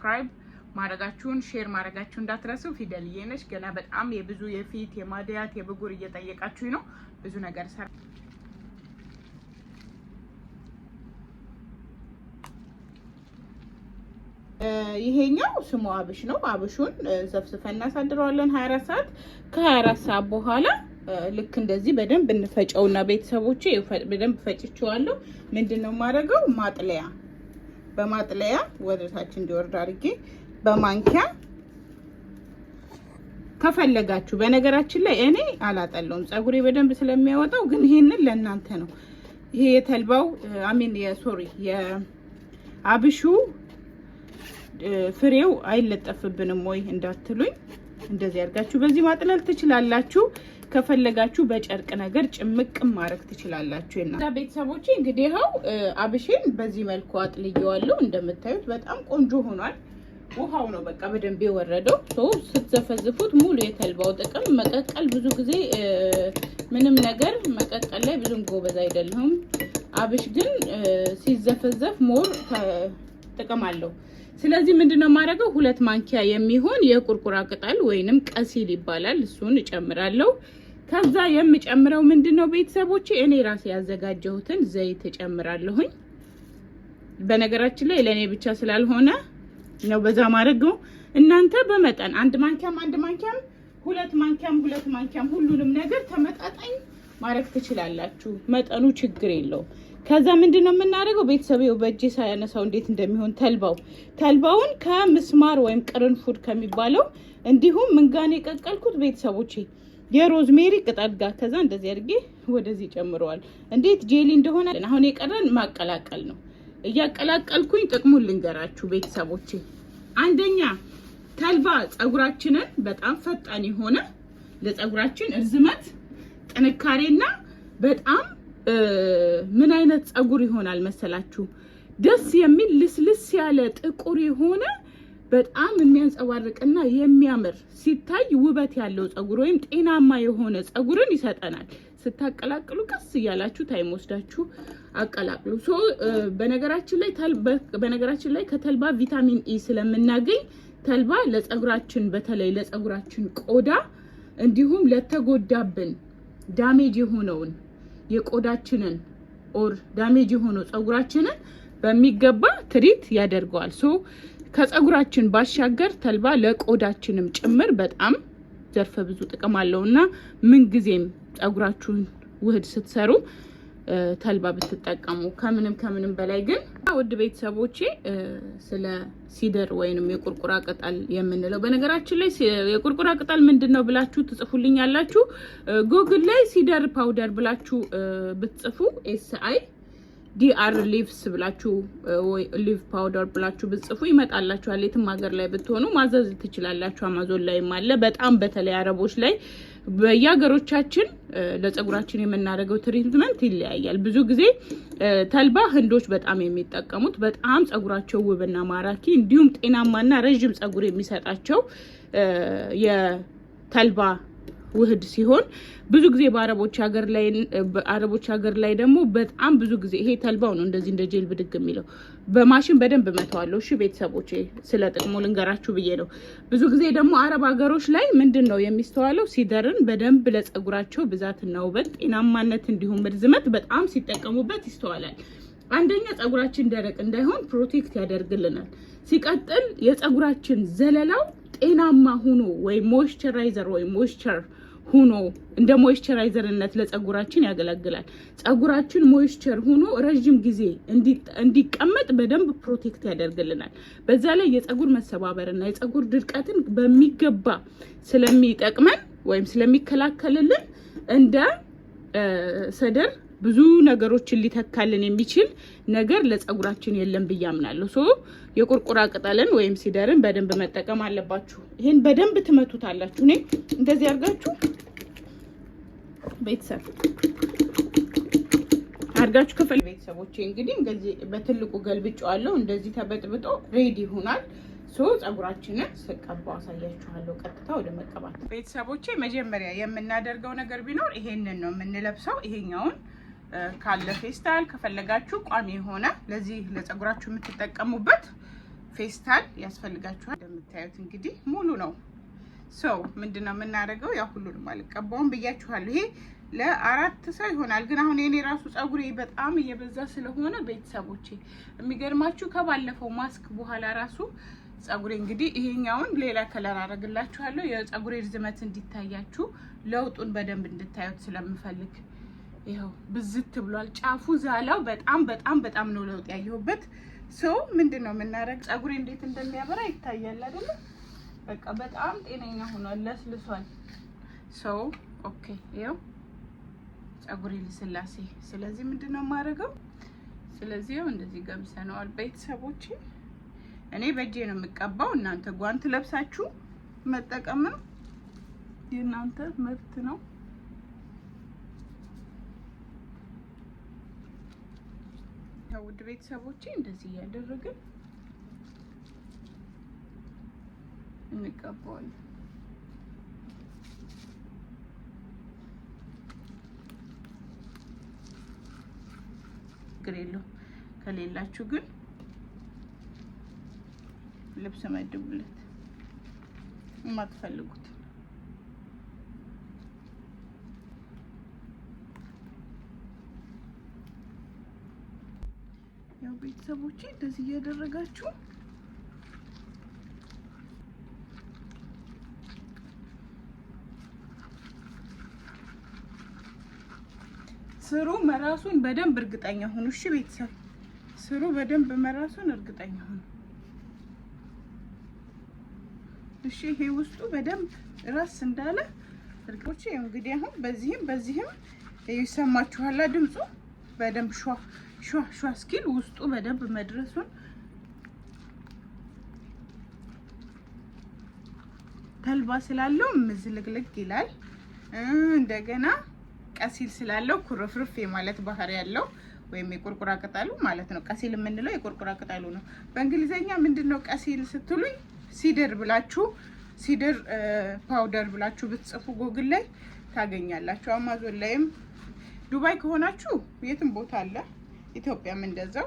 ሰብስክራይብ ማድረጋችሁን ሼር ማድረጋችሁ እንዳትረሱ። ፊደልዬ ነች ገና በጣም የብዙ የፊት የማድያት የብጉር እየጠየቃችሁኝ ነው። ብዙ ነገር ሰራ ይሄኛው ስሙ አብሽ ነው። አብሹን ዘፍዝፈን እናሳድረዋለን 24 ሰዓት። ከ24 ሰዓት በኋላ ልክ እንደዚህ በደንብ እንፈጨውና ቤተሰቦቼ በደንብ ፈጭችዋለሁ። ምንድን ነው የማደርገው ማጥለያ በማጥለያ ወደታች እንዲወርድ አድርጌ በማንኪያ ከፈለጋችሁ በነገራችን ላይ እኔ አላጠለውም፣ ፀጉሬ በደንብ ስለሚያወጣው። ግን ይሄንን ለእናንተ ነው። ይሄ የተልባው አሚን የሶሪ የአብሹ ፍሬው አይለጠፍብንም ወይ እንዳትሉኝ፣ እንደዚህ አድርጋችሁ በዚህ ማጥለል ትችላላችሁ። ከፈለጋችሁ በጨርቅ ነገር ጭምቅም ማድረግ ትችላላችሁ። ና ቤተሰቦቼ እንግዲህ ይኸው አብሼን በዚህ መልኩ አጥልየዋለሁ። እንደምታዩት በጣም ቆንጆ ሆኗል። ውሃው ነው በቃ በደንብ የወረደው። ስትዘፈዝፉት ሙሉ የተልባው ጥቅም መቀቀል ብዙ ጊዜ ምንም ነገር መቀቀል ላይ ብዙም ጎበዝ አይደለሁም። አብሽ ግን ሲዘፈዘፍ ሞር ጥቅም አለው። ስለዚህ ምንድነው የማደርገው? ሁለት ማንኪያ የሚሆን የቁርቁራ ቅጠል ወይንም ቀሲል ይባላል። እሱን እጨምራለሁ። ከዛ የምጨምረው ምንድነው ቤተሰቦቼ፣ እኔ ራሴ ያዘጋጀሁትን ዘይት እጨምራለሁኝ። በነገራችን ላይ ለእኔ ብቻ ስላልሆነ ነው በዛ ማድረገው። እናንተ በመጠን አንድ ማንኪያም አንድ ማንኪያም ሁለት ማንኪያም ሁለት ማንኪያም ሁሉንም ነገር ተመጣጣኝ ማድረግ ትችላላችሁ። መጠኑ ችግር የለውም። ከዛ ምንድን ነው የምናደርገው? ቤተሰብ በእጅ ሳያነሳው እንዴት እንደሚሆን ተልባው ተልባውን ከምስማር ወይም ቅርንፉድ ከሚባለው እንዲሁም ምንጋን የቀቀልኩት ቤተሰቦቼ የሮዝሜሪ ቅጠል ጋር ከዛ እንደዚህ አድርጌ ወደዚህ ጨምረዋል። እንዴት ጄሊ እንደሆነ አሁን የቀረን ማቀላቀል ነው። እያቀላቀልኩኝ ጥቅሙን ልንገራችሁ ቤተሰቦቼ። አንደኛ ተልባ ጸጉራችንን በጣም ፈጣን የሆነ ለጸጉራችን እርዝመት ጥንካሬና በጣም ምን አይነት ጸጉር ይሆናል መሰላችሁ? ደስ የሚል ልስልስ ያለ ጥቁር የሆነ በጣም የሚያንጸባርቅና የሚያምር ሲታይ ውበት ያለው ጸጉር ወይም ጤናማ የሆነ ጸጉርን ይሰጠናል። ስታቀላቅሉ ቀስ እያላችሁ ታይም ወስዳችሁ አቀላቅሉ። ሶ በነገራችን ላይ በነገራችን ላይ ከተልባ ቪታሚን ኢ ስለምናገኝ ተልባ ለጸጉራችን በተለይ ለጸጉራችን ቆዳ እንዲሁም ለተጎዳብን ዳሜጅ የሆነውን የቆዳችንን ኦር ዳሜጅ የሆነው ጸጉራችንን በሚገባ ትሪት ያደርገዋል። ሶ ከጸጉራችን ባሻገር ተልባ ለቆዳችንም ጭምር በጣም ዘርፈ ብዙ ጥቅም አለው እና ምንጊዜም ጸጉራችሁን ውህድ ስትሰሩ ተልባ ብትጠቀሙ ከምንም ከምንም በላይ ግን ውድ ቤተሰቦቼ ስለ ሲደር ወይንም የቁርቁራ ቅጠል የምንለው በነገራችን ላይ የቁርቁራ ቅጠል ምንድን ነው ብላችሁ ትጽፉልኝ ያላችሁ ጉግል ላይ ሲደር ፓውደር ብላችሁ ብትጽፉ ኤስ አይ ዲአር ሊቭስ ብላችሁ ሊቭ ፓውደር ብላችሁ ብትጽፉ ይመጣላችኋል። የትም ሀገር ላይ ብትሆኑ ማዘዝ ትችላላችሁ። አማዞን ላይም አለ። በጣም በተለይ አረቦች ላይ በየሀገሮቻችን ለፀጉራችን የምናደርገው ትሪትመንት ይለያያል። ብዙ ጊዜ ተልባ ህንዶች በጣም የሚጠቀሙት በጣም ፀጉራቸው ውብና ማራኪ እንዲሁም ጤናማና ረዥም ፀጉር የሚሰጣቸው የተልባ ውህድ ሲሆን ብዙ ጊዜ በአረቦች ሀገር ላይ አረቦች ሀገር ላይ ደግሞ በጣም ብዙ ጊዜ ይሄ ተልባው ነው እንደዚህ እንደ ጄል ብድግ የሚለው በማሽን በደንብ መተዋለሁ። እሺ ቤተሰቦች ስለ ጥቅሙ ልንገራችሁ ብዬ ነው። ብዙ ጊዜ ደግሞ አረብ ሀገሮች ላይ ምንድን ነው የሚስተዋለው? ሲደርን በደንብ ለጸጉራቸው ብዛትና ውበት፣ ጤናማነት እንዲሁም ርዝመት በጣም ሲጠቀሙበት ይስተዋላል። አንደኛ ጸጉራችን ደረቅ እንዳይሆን ፕሮቴክት ያደርግልናል። ሲቀጥል የጸጉራችን ዘለላው ጤናማ ሁኖ ወይም ሞይስቸራይዘር ወይ ሞይስቸር ሁኖ እንደ ሞይስቸራይዘርነት ለጸጉራችን ያገለግላል። ጸጉራችን ሞይስቸር ሁኖ ረዥም ጊዜ እንዲቀመጥ በደንብ ፕሮቴክት ያደርግልናል። በዛ ላይ የጸጉር መሰባበርና የጸጉር ድርቀትን በሚገባ ስለሚጠቅመን ወይም ስለሚከላከልልን እንደ ሰደር ብዙ ነገሮችን ሊተካልን የሚችል ነገር ለጸጉራችን የለም ብዬ አምናለሁ። ሶ የቁርቁራ ቅጠልን ወይም ሲደርን በደንብ መጠቀም አለባችሁ። ይሄን በደንብ ትመቱታላችሁ። እኔ እንደዚህ አርጋችሁ ቤተሰብ አርጋችሁ ክፍል ቤተሰቦቼ እንግዲህ እንደዚህ በትልቁ ገልብጫዋለሁ። እንደዚህ ተበጥብጦ ሬዲ ይሆናል። ሶ ጸጉራችንን ስቀባው አሳያችኋለሁ። ቀጥታ ወደ መቀባት ቤተሰቦቼ፣ መጀመሪያ የምናደርገው ነገር ቢኖር ይሄንን ነው የምንለብሰው ይሄኛውን ካለ ፌስታል ከፈለጋችሁ ቋሚ የሆነ ለዚህ ለፀጉራችሁ የምትጠቀሙበት ፌስታል ያስፈልጋችኋል። እንደምታዩት እንግዲህ ሙሉ ነው። ሰው ምንድን ነው የምናደርገው? ያ ሁሉንም አልቀባውም ብያችኋለሁ። ይሄ ለአራት ሰው ይሆናል። ግን አሁን የኔ ራሱ ፀጉሬ በጣም እየበዛ ስለሆነ ቤተሰቦቼ የሚገርማችሁ ከባለፈው ማስክ በኋላ ራሱ ጸጉሬ እንግዲህ ይሄኛውን ሌላ ከለር አደርግላችኋለሁ የጸጉሬ ርዝመት እንዲታያችሁ ለውጡን በደንብ እንድታዩት ስለምፈልግ ይኸው ብዝት ብሏል። ጫፉ ዛላው በጣም በጣም በጣም ነው ለውጥ ያየሁበት። ሰው ምንድን ነው የምናደርግ? ፀጉሬ እንዴት እንደሚያበራ ይታያል አይደለ? በቃ በጣም ጤነኛ ሆኗል፣ ለስልሷል። ሰው ኦኬ፣ ይኸው ፀጉሬ ልስላሴ። ስለዚህ ምንድን ነው የማደርገው? ስለዚህ ይኸው እንደዚህ ገምሰነዋል። ቤተሰቦች እኔ በእጄ ነው የምቀባው፣ እናንተ ጓንት ለብሳችሁ መጠቀምም የእናንተ መብት ነው። ውድ ቤተሰቦቼ እንደዚህ እያደረግን እንቀባዋለን። ችግር የለውም። ከሌላችሁ ግን ልብስ መድቡለት የማትፈልጉት ቤተሰቦች እንደዚህ እያደረጋችሁ ስሩ መራሱን በደንብ እርግጠኛ ሁኑ። እሺ ቤተሰብ ስሩ በደንብ መራሱን እርግጠኛ ሁኑ። እሺ ይሄ ውስጡ በደንብ ራስ እንዳለ እርግጦቼ እንግዲህ አሁን በዚህም በዚህም ይሰማችኋላ ድምፁ በደንብ ሸዋ ሿ ሿ እስኪል ውስጡ በደንብ መድረሱን ተልባ ስላለው ምዝልግልግ ይላል። እንደገና ቀሲል ስላለው ኩርፍርፍ የማለት ባህሪ ያለው ወይም የቁርቁራ ቅጠሉ ማለት ነው። ቀሲል የምንለው የቁርቁራ ቅጠሉ ነው። በእንግሊዘኛ ምንድን ነው ቀሲል ስትሉኝ? ሲደር ብላችሁ ሲደር ፓውደር ብላችሁ ብትጽፉ ጎግል ላይ ታገኛላችሁ። አማዞን ላይም ዱባይ ከሆናችሁ የትም ቦታ አለ። ኢትዮጵያም እንደዛው።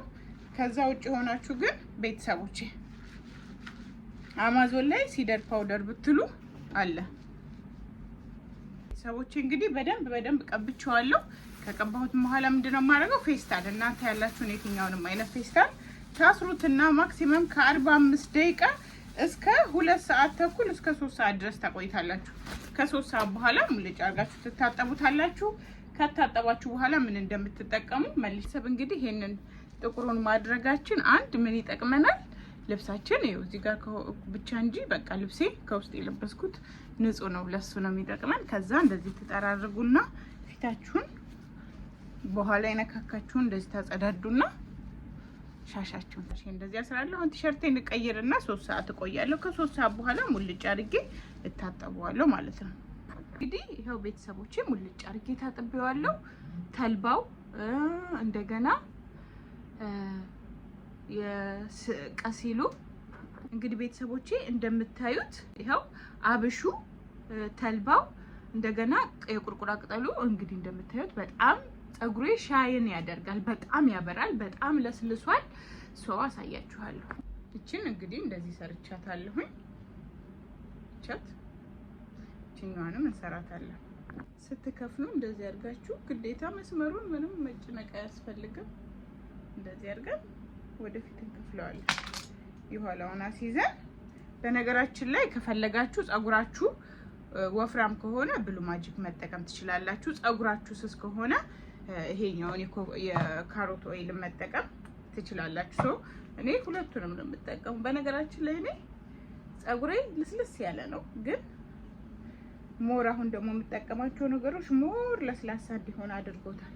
ከዛ ውጭ የሆናችሁ ግን ቤተሰቦቼ አማዞን ላይ ሲደር ፓውደር ብትሉ አለ። ቤተሰቦቼ እንግዲህ በደንብ በደንብ ቀብቼዋለሁ። ከቀባሁት በኋላ ምንድነው የማደርገው? ፌስታል እናንተ ያላችሁን የትኛውንም አይነት ፌስታል ታስሩትና ማክሲመም ከ45 ደቂቃ እስከ ሁለት ሰዓት ተኩል እስከ ሶስት ሰዓት ድረስ ታቆይታላችሁ። ከሶስት ሰዓት በኋላ ሙልጭ አርጋችሁ ትታጠቡታላችሁ። ከታጠባችሁ በኋላ ምን እንደምትጠቀሙ መልሰብ። እንግዲህ ይሄንን ጥቁሩን ማድረጋችን አንድ ምን ይጠቅመናል? ልብሳችን ይኸው እዚህ ጋር ብቻ እንጂ በቃ ልብሴ ከውስጥ የለበስኩት ንጹህ ነው፣ ለሱ ነው የሚጠቅመን። ከዛ እንደዚህ ትጠራርጉና ፊታችሁን በኋላ የነካካችሁን እንደዚህ ታጸዳዱና ሻሻችሁን ታሽ እንደዚህ አስራለሁ። አሁን ቲሸርቴን ልቀይርና ሶስት ሰዓት እቆያለሁ። ከሶስት ሰዓት በኋላ ሙልጭ አድርጌ እታጠበዋለሁ ማለት ነው። እንግዲህ ይኸው ቤተሰቦቼ ሙልጭ አድርጌ ታጥቤዋለሁ። ተልባው እንደገና ቀሲሉ እንግዲህ ቤተሰቦቼ እንደምታዩት ይኸው አብሹ፣ ተልባው፣ እንደገና የቁርቁራ ቅጠሉ እንግዲህ እንደምታዩት በጣም ፀጉሬ ሻይን ያደርጋል። በጣም ያበራል። በጣም ለስልሷል። ሰው አሳያችኋለሁ። እችን እንግዲህ እንደዚህ ሰርቻታለሁኝ ቻት ይችኛዋንም እንሰራታለን። ስትከፍሉ እንደዚህ አድርጋችሁ ግዴታ መስመሩን ምንም መጭነቅ አያስፈልግም። እንደዚህ አድርገን ወደፊት እንከፍለዋለን። የኋላውን አስይዘን በነገራችን ላይ ከፈለጋችሁ ጸጉራችሁ ወፍራም ከሆነ ብሉ ማጂክ መጠቀም ትችላላችሁ። ጸጉራችሁ ስስ ከሆነ ይሄኛውን የካሮት ኦይል መጠቀም ትችላላችሁ። እኔ ሁለቱንም ነው የምጠቀሙ። በነገራችን ላይ እኔ ጸጉሬ ልስልስ ያለ ነው ግን ሞር አሁን ደግሞ የምጠቀማቸው ነገሮች ሞር ለስላሳ እንዲሆን አድርጎታል።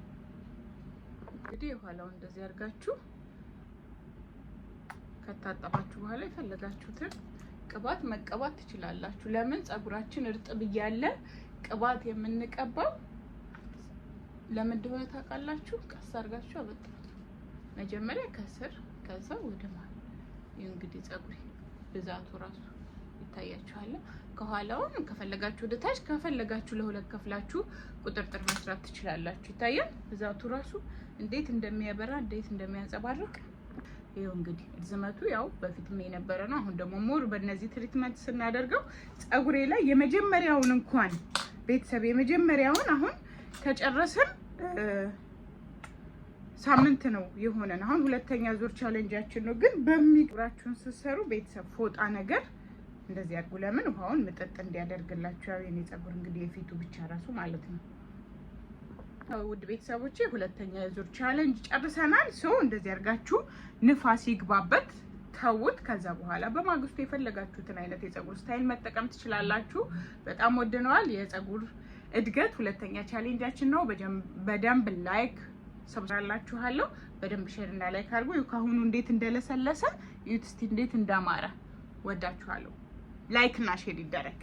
እንግዲህ የኋላው እንደዚህ አድርጋችሁ ከታጠባችሁ በኋላ የፈለጋችሁትን ቅባት መቀባት ትችላላችሁ። ለምን ጸጉራችን እርጥብ እያለ ቅባት የምንቀባው ለምን እንደሆነ ታውቃላችሁ? ቀስ አድርጋችሁ አበጥሩት። መጀመሪያ ከስር ከዛ ወደ መሀል። ይህ እንግዲህ ጸጉሬ ብዛቱ ራሱ ይታያችኋል። ከኋላውም ከፈለጋችሁ ወደ ታች ከፈለጋችሁ ለሁለት ከፍላችሁ ቁጥርጥር መስራት ትችላላችሁ። ይታያል ብዛቱ ራሱ እንዴት እንደሚያበራ እንዴት እንደሚያንጸባርቅ ይኸው እንግዲህ ርዝመቱ ያው በፊትም የነበረ ነው። አሁን ደግሞ ሞር በእነዚህ ትሪትመንት ስናደርገው ጸጉሬ ላይ የመጀመሪያውን እንኳን ቤተሰብ የመጀመሪያውን አሁን ከጨረስን ሳምንት ነው የሆነን። አሁን ሁለተኛ ዙር ቻለንጃችን ነው። ግን በሚግራችሁን ስትሰሩ ቤተሰብ ፎጣ ነገር እንደዚህ አድርጉ። ለምን ውሃውን ምጥጥ እንዲያደርግላችሁ። ያው የኔ ጸጉር እንግዲህ የፊቱ ብቻ ራሱ ማለት ነው። ውድ ቤተሰቦቼ ሁለተኛ የዙር ቻለንጅ ጨርሰናል። ሶ እንደዚህ አድርጋችሁ ንፋስ ይግባበት ተውት። ከዛ በኋላ በማግስቱ የፈለጋችሁትን አይነት የጸጉር ስታይል መጠቀም ትችላላችሁ። በጣም ወድነዋል። የጸጉር እድገት ሁለተኛ ቻሌንጃችን ነው። በደንብ ላይክ ሰብራላችኋለሁ። በደንብ ሼር እና ላይክ አድርጉ። ከአሁኑ እንዴት እንደለሰለሰ ዩት እንዴት እንዳማረ ወዳችኋለሁ። ላይክ እና ሼር ይደረግ።